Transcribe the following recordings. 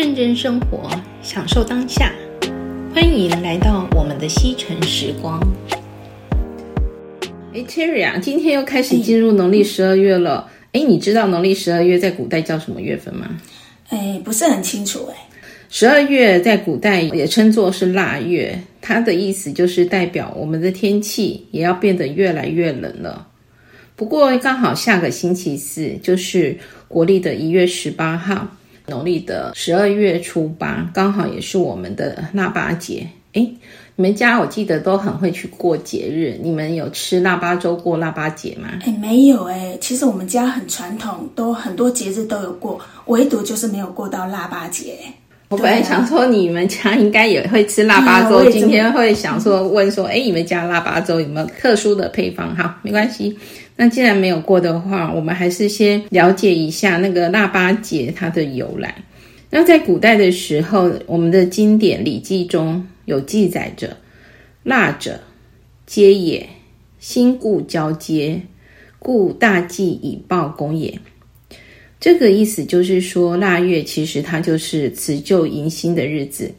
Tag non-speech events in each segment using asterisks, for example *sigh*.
認真生活，享受當下。歡迎來到我們的西城時光。哎、hey，Terry 啊，今天又開始進入農曆十二月了。哎、欸嗯欸，你知道農曆十二月在古代叫什麼月份嗎？哎、欸，不是很清楚、欸。哎，十二月在古代也稱作是臘月，它的意思就是代表我們的天氣也要變得越來越冷了。不過剛好下個星期四就是國曆的一月十八號。農曆的十二月初八，剛好也是我們的臘八節。哎，你們家我記得都很會去過節日，你們有吃臘八粥過臘八節嗎？哎，沒有哎、欸。其實我們家很傳統，都很多節日都有過，唯獨就是沒有過到臘八節、欸。我本來想說你們家應該也會吃臘八粥、嗯，今天會想說問說，哎、嗯，你們家臘八粥有沒有特殊的配方？哈，沒關係。那既然沒有過的話，我們還是先了解一下那個臘八節它的由來。那在古代的時候，我們的經典《禮記》中有記載着：“臘者，接也，新故交接，故大祭以報功也。”這個意思就是說，臘月其實它就是辭舊迎新的日子，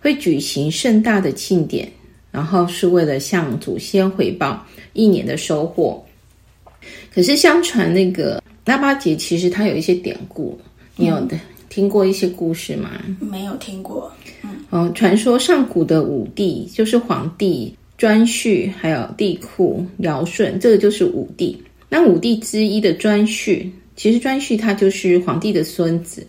會舉行盛大的慶典，然後是為了向祖先回報一年的收穫。可是，相傳那個臘八節其實它有一些典故，嗯、你有的聽過一些故事嗎？沒有聽過。嗯，哦、傳說上古的五帝就是黃帝、顓頊，還有帝嚳、堯舜，這個就是五帝。那五帝之一的顓頊，其實顓頊他就是黃帝的孫子，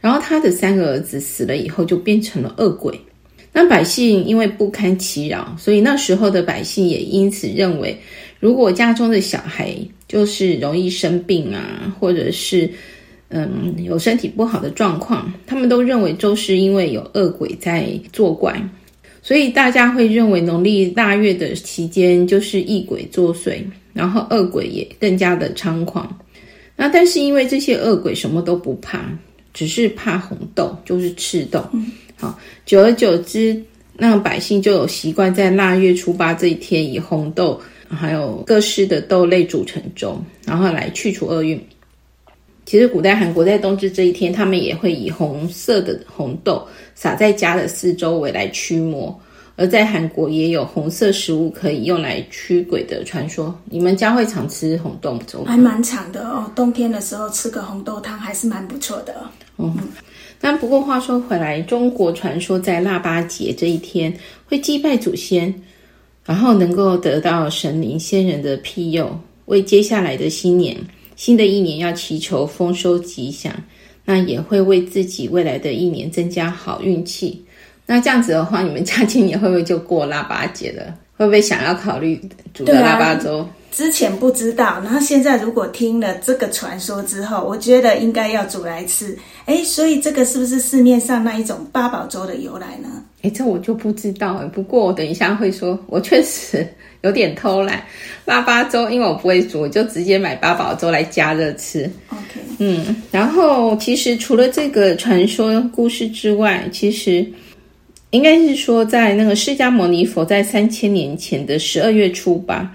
然後他的三個兒子死了以後就變成了惡鬼。那百姓因為不堪其擾，所以那時候的百姓也因此認為。如果家中的小孩就是容易生病啊，或者是嗯有身體不好的狀況，他們都認為就是因為有惡鬼在作怪，所以大家會認為農曆臘月的期間就是疫鬼作祟，然後惡鬼也更加的猖狂。那但是因為這些惡鬼什麼都不怕，只是怕紅豆，就是赤豆。好，久而久之，那個、百姓就有習慣在臘月初八這一天以紅豆。還有各式的豆類煮成粥，然後來去除厄運。其實古代韓國在冬至這一天，他們也會以紅色的紅豆撒在家的四周圍來驅魔。而在韓國也有紅色食物可以用來驅鬼的傳說。你們家會常吃紅豆粥？還蠻常的哦。冬天的時候吃個紅豆湯還是蠻不錯的。哦、嗯，但不過話說回來，中國傳說在臘八節這一天會祭拜祖先。然後能夠得到神靈先人的庇佑，為接下來的新年、新的一年要祈求豐收吉祥，那也會為自己未來的一年增加好運氣。那這樣子的話，你們家今年會不會就過臘八節了？會不會想要考慮煮個臘八粥？之前不知道，然後現在如果聽了這個傳說之後，我覺得應該要煮來吃。哎，所以這個是不是市面上那一種八寶粥的由來呢？哎，這我就不知道哎。不過我等一下會說，我確實有點偷懶，臘八粥因為我不會煮，我就直接買八寶粥來加熱吃。Okay. 嗯，然後其實除了這個傳說故事之外，其實應該是說，在那個釋迦牟尼佛在三千年前的十二月初吧。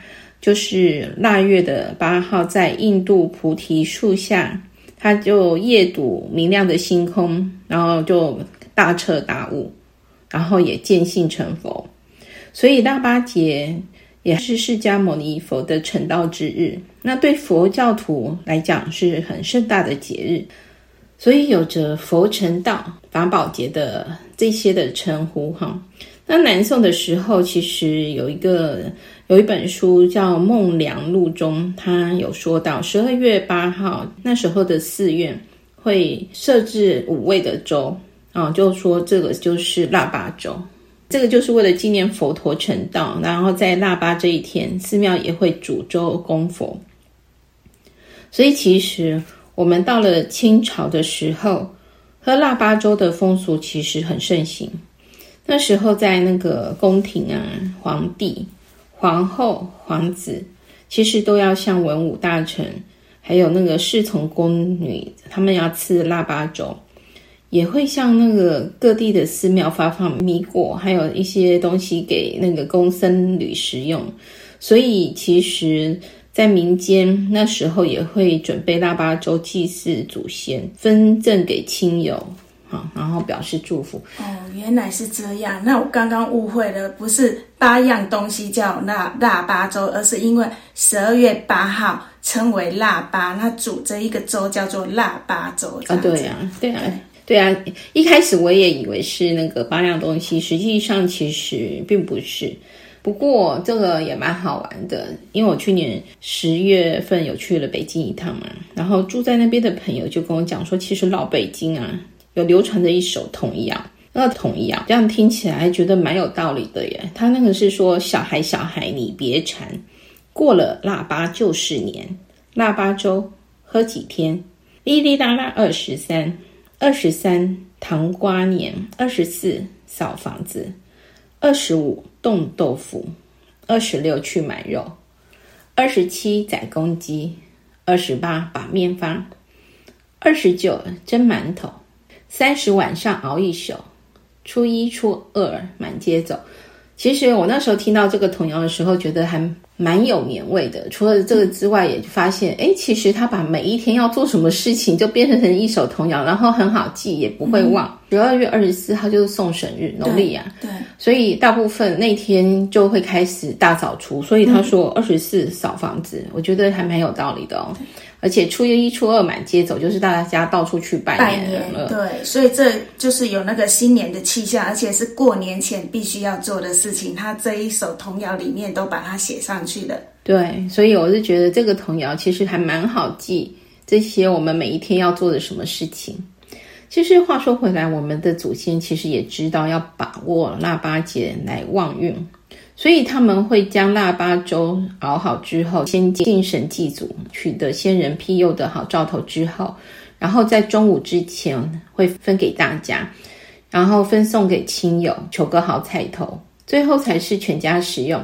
就是臘月的八號，在印度菩提樹下，他就夜睹明亮的星空，然後就大徹大悟，然後也見性成佛。所以臘八節也是釋迦牟尼佛的成道之日。那對佛教徒來講是很盛大的節日，所以有着佛成道、法寶節的這些的稱呼哈。那南宋的時候，其實有一個有一本書叫《夢粱錄》中，他有說到十二月八號那時候的寺院會設置五味的粥，啊，就說這個就是臘八粥，這個就是為了紀念佛陀成道，然後在臘八這一天，寺廟也會煮粥供佛。所以，其實我們到了清朝的時候，喝臘八粥的風俗其實很盛行。那時候在那個宮廷啊，皇帝、皇後、皇子，其實都要向文武大臣，還有那個侍從宮女，他們要吃臘八粥，也會向那個各地的寺廟發放米果，還有一些東西給那個宮僧侶食用。所以其實，在民間那時候也會準備臘八粥祭祀祖先，分贈給親友。然後表示祝福。哦，原來是這樣。那我剛剛誤會了，不是八樣東西叫臘臘八粥，而是因為十二月八號稱為臘八，那煮這一個粥叫做臘八粥。哦、對啊，對呀、啊，對呀，對啊。一開始我也以為是那個八樣東西，實際上其實並不是。不過這個也蠻好玩的，因為我去年十月份有去了北京一趟嘛，然後住在那邊的朋友就跟我講說，其實老北京啊。有流傳著一首童謠，那童謠這樣聽起來覺得蠻有道理的耶。他那個是說：小孩小孩你別饞，過了臘八就是年。臘八粥喝幾天，哩哩啦啦二十三，二十三糖瓜粘，二十四掃房子，二十五凍豆腐，二十六去買肉，二十七宰公雞，二十八把麵發，二十九蒸饅頭。三十晚上熬一宿，初一初二滿街走。其實我那時候聽到這個童謠的時候，覺得還蠻有年味的。除了這個之外，嗯、也發現，哎，其實他把每一天要做什麼事情，就變成成一首童謠，然後很好記，也不會忘。嗯、十二月二十四號就是送神日，農曆啊，對。所以大部分那天就會開始大掃除。所以他說二十四掃房子、嗯，我覺得還蠻有道理的哦。而且初一、初二滿街走，就是大家到處去拜年了拜年。對，所以這就是有那個新年的氣象，而且是過年前必須要做的事情。他這一首童謠裡面都把它寫上去了。對，所以我是覺得這個童謠其實還蠻好記這些我們每一天要做的什麼事情。其實話說回來，我們的祖先其實也知道要把握臘八節來旺運。所以他們會將臘八粥熬好之後，先敬神祭祖，取得先人庇佑的好兆頭之後，然後在中午之前會分給大家，然後分送給親友，求個好彩頭，最後才是全家食用。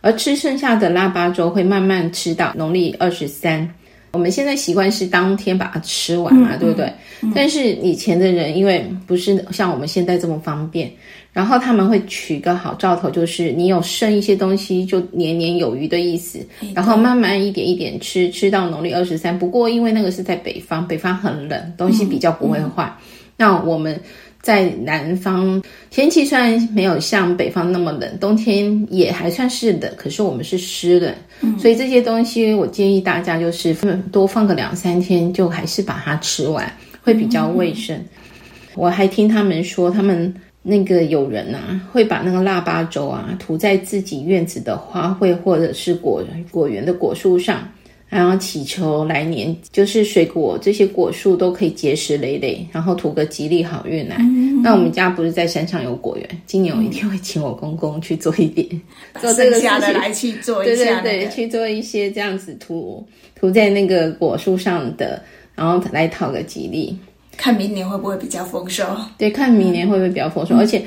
而吃剩下的臘八粥會慢慢吃到農曆二十三。我們現在習慣是當天把它吃完嘛，對不對？嗯嗯，但是以前的人因為不是像我們現在這麼方便，然後他們會取個好兆頭，就是你有剩一些東西，就年年有餘的意思。然後慢慢一點一點吃，吃到農曆二十三。不過因為那個是在北方，北方很冷，東西比較不會壞。嗯嗯。那我們。在南方，天氣雖然沒有像北方那麼冷，冬天也還算是冷，可是我們是濕冷，所以這些東西我建議大家就是分多放個兩三天，就還是把它吃完，會比較衛生。嗯嗯。我還聽他們說，他們那個有人啊，會把那個臘八粥啊塗在自己院子的花卉或者是果果園的果樹上，然後祈求來年就是水果這些果樹都可以結實累累，然後圖個吉利好運來。那、嗯嗯、我們家不是在山上有果園，今年我一定會請我公公去做一點，做剩下的來去做。對對對，去做一些這樣子塗塗在那個果樹上的，然後來討個吉利，看明年會不會比較豐收。對，看明年會不會比較豐收，嗯、而且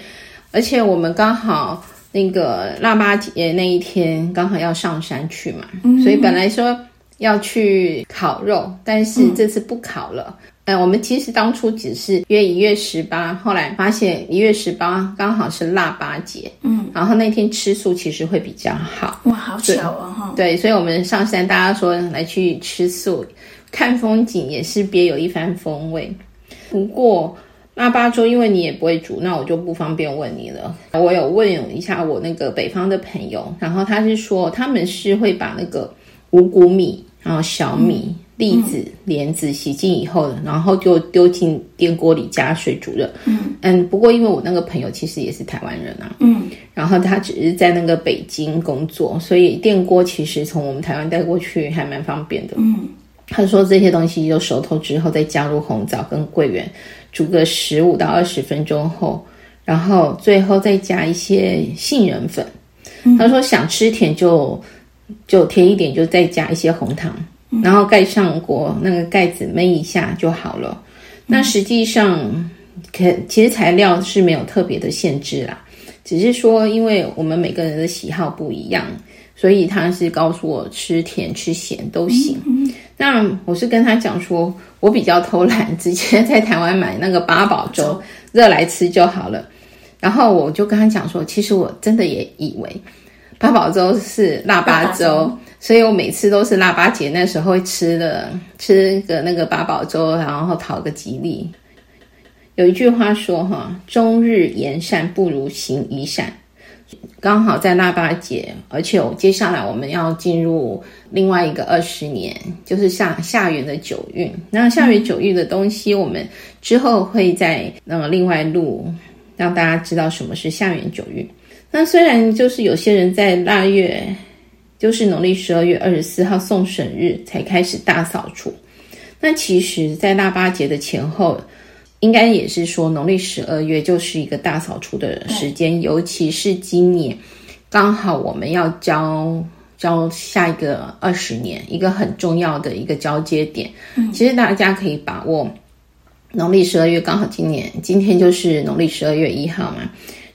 而且我們剛好那個臘八節那一天剛好要上山去嘛，嗯嗯，所以本來說，要去烤肉，但是這次不烤了。哎、嗯、呃，我們其實當初只是約一月十八，後來發現一月十八剛好是臘八節，嗯，然後那天吃素其實會比較好。哇，好巧啊對，哦、對，所以我們上山，大家說來去吃素，看風景也是別有一番風味。不過臘八粥，媽媽因為你也不會煮，那我就不方便問你了。我有問一下我那個北方的朋友，然後他是說他們是會把那個五穀米。然後小米、栗子、蓮子洗淨以後，嗯，然後就丟進電鍋裡加水煮了。嗯嗯，不過因為我那個朋友其實也是台灣人啊，嗯，然後他只是在那個北京工作，所以電鍋其實從我們台灣帶過去還蠻方便的。嗯，他說這些東西都熟透之後，再加入紅棗跟桂圓，煮個十五到二十分鐘後，然後最後再加一些杏仁粉。嗯，他說想吃甜就。就甜一點，就再加一些紅糖，然後蓋上鍋那個蓋子燜一下就好了。那實際上，可其實材料是沒有特別的限制啦，只是說因為我們每個人的喜好不一樣，所以他是告訴我吃甜吃鹹都行。那我是跟他講說，我比較偷懶，直接在台灣買那個八寶粥熱來吃就好了。然後我就跟他講說，其實我真的也以為。八寶粥是臘八粥，所以我每次都是臘八節那時候會吃的，吃個那個八寶粥，然後討個吉利。有一句話說：“哈，終日言善不如行一善。”剛好在臘八節，而且接下來我們要進入另外一個二十年，就是下下元的九運。那下元九運的東西、嗯，我們之後會在那另外錄，讓大家知道什麼是下元九運。那雖然就是有些人在臘月，就是農曆十二月二十四號送神日才開始大掃除，那其實，在臘八節的前後，應該也是說農曆十二月就是一個大掃除的時間，嗯、尤其是今年剛好我們要交交下一個二十年一個很重要的一個交接點，嗯、其實大家可以把握農曆十二月，剛好今年今天就是農曆十二月一號嘛。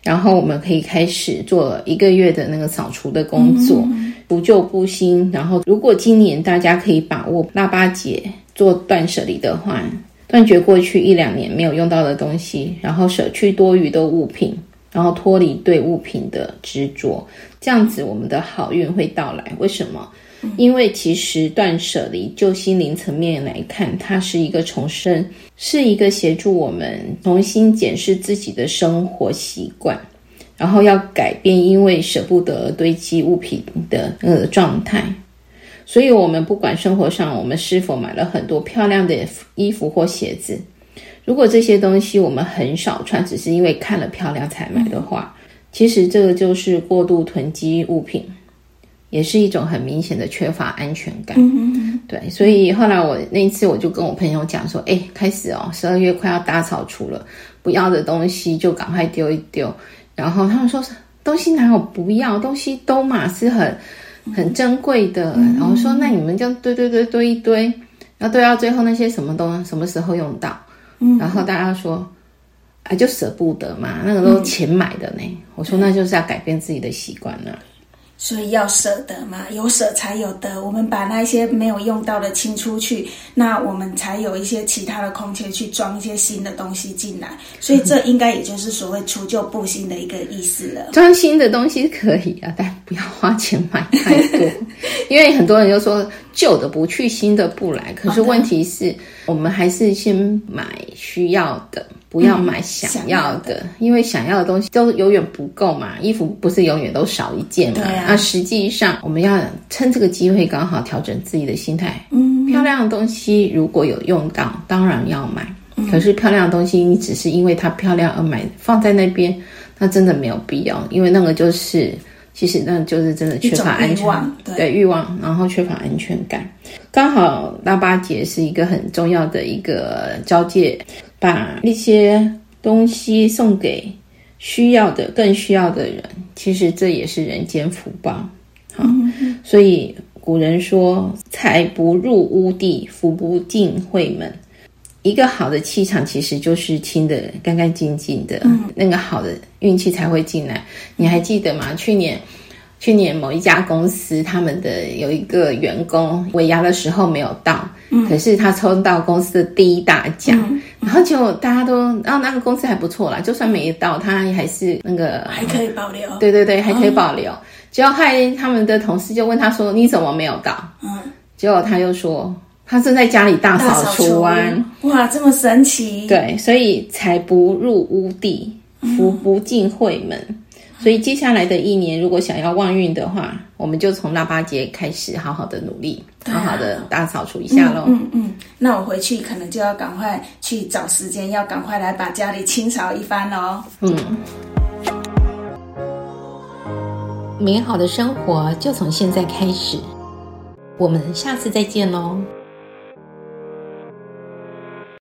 然後我們可以開始做一個月的那個掃除的工作，除舊佈新。然後，如果今年大家可以把握臘八節做斷舍離的話，斷絕過去一兩年沒有用到的東西，然後捨去多餘的物品。然後脫離對物品的執着，這樣子我們的好運會到來。為什麼？因為其實斷捨離，就心靈層面來看，它是一個重生，是一個協助我們重新檢視自己的生活習慣，然後要改變，因為捨不得而堆積物品的呃狀態。所以，我們不管生活上我們是否買了很多漂亮的衣服或鞋子。如果這些東西我們很少穿，只是因為看了漂亮才買的話，其實這個就是過度囤積物品，也是一種很明顯的缺乏安全感。嗯，對，所以後來我那一次我就跟我朋友講說，哎，開始哦，十二月快要大掃除了，不要的東西就趕快丟一丟。然後他們說，東西哪有不要，東西都嘛是很很珍貴的。然後說，那你們就堆堆堆堆一堆，要堆到最後那些什麼都什麼時候用到？然後大家說，嗯，哎，就捨不得嘛，那個都是錢買的呢。嗯。我說，那就是要改變自己的習慣了。所以要捨得嘛，有捨才有得。我們把那些沒有用到的清出去，那我們才有一些其他的空間去裝一些新的東西進來。所以這應該也就是所謂除舊布新的一個意思了。嗯，裝新的東西可以啊，但不要花錢買太多， *laughs* 因為很多人都說舊的不去，新的不來。可是問題是，oh, 我們還是先買需要的。不要買想要的，嗯、想要的，因為想要的東西都永遠不夠嘛。衣服不是永遠都少一件嘛。啊，那實際上我們要趁這個機會剛好調整自己的心態。嗯，漂亮的東西如果有用到，當然要買，嗯。可是漂亮的東西你只是因為它漂亮而買，放在那邊，那真的沒有必要。因為那個就是，其實那就是真的缺乏安全欲對，對欲望，然後缺乏安全感。剛好臘八節是一個很重要的一個交界。把那些東西送給需要的、更需要的人，其實這也是人間福報。好，所以古人說“財不入污地，福不進晦門”。一個好的氣場，其實就是清的、乾乾淨淨的、嗯，那個好的運氣才會進來。你還記得嗎？去年，去年某一家公司他們的有一個員工尾牙的時候沒有到，嗯、可是他抽到公司的第一大獎。嗯然後就大家都，然、啊、後那個公司還不錯啦，就算沒到，他也還是那個還可以保留、嗯。對對對，還可以保留。哦、結果後來他們的同事就問他說：“你怎麼沒有到？”嗯，結果他又說：“他正在家裡大掃除啊掃！”哇，這麼神奇！對，所以才不入屋地，福不進會門。嗯所以接下來的一年，如果想要旺運的話，我們就從臘八節開始，好好的努力，啊、好好的大掃除一下嘍。嗯嗯，嗯，那我回去可能就要趕快去找時間，要趕快來把家裡清掃一番嘍。嗯，美好的生活就從現在開始，我們下次再見嘍。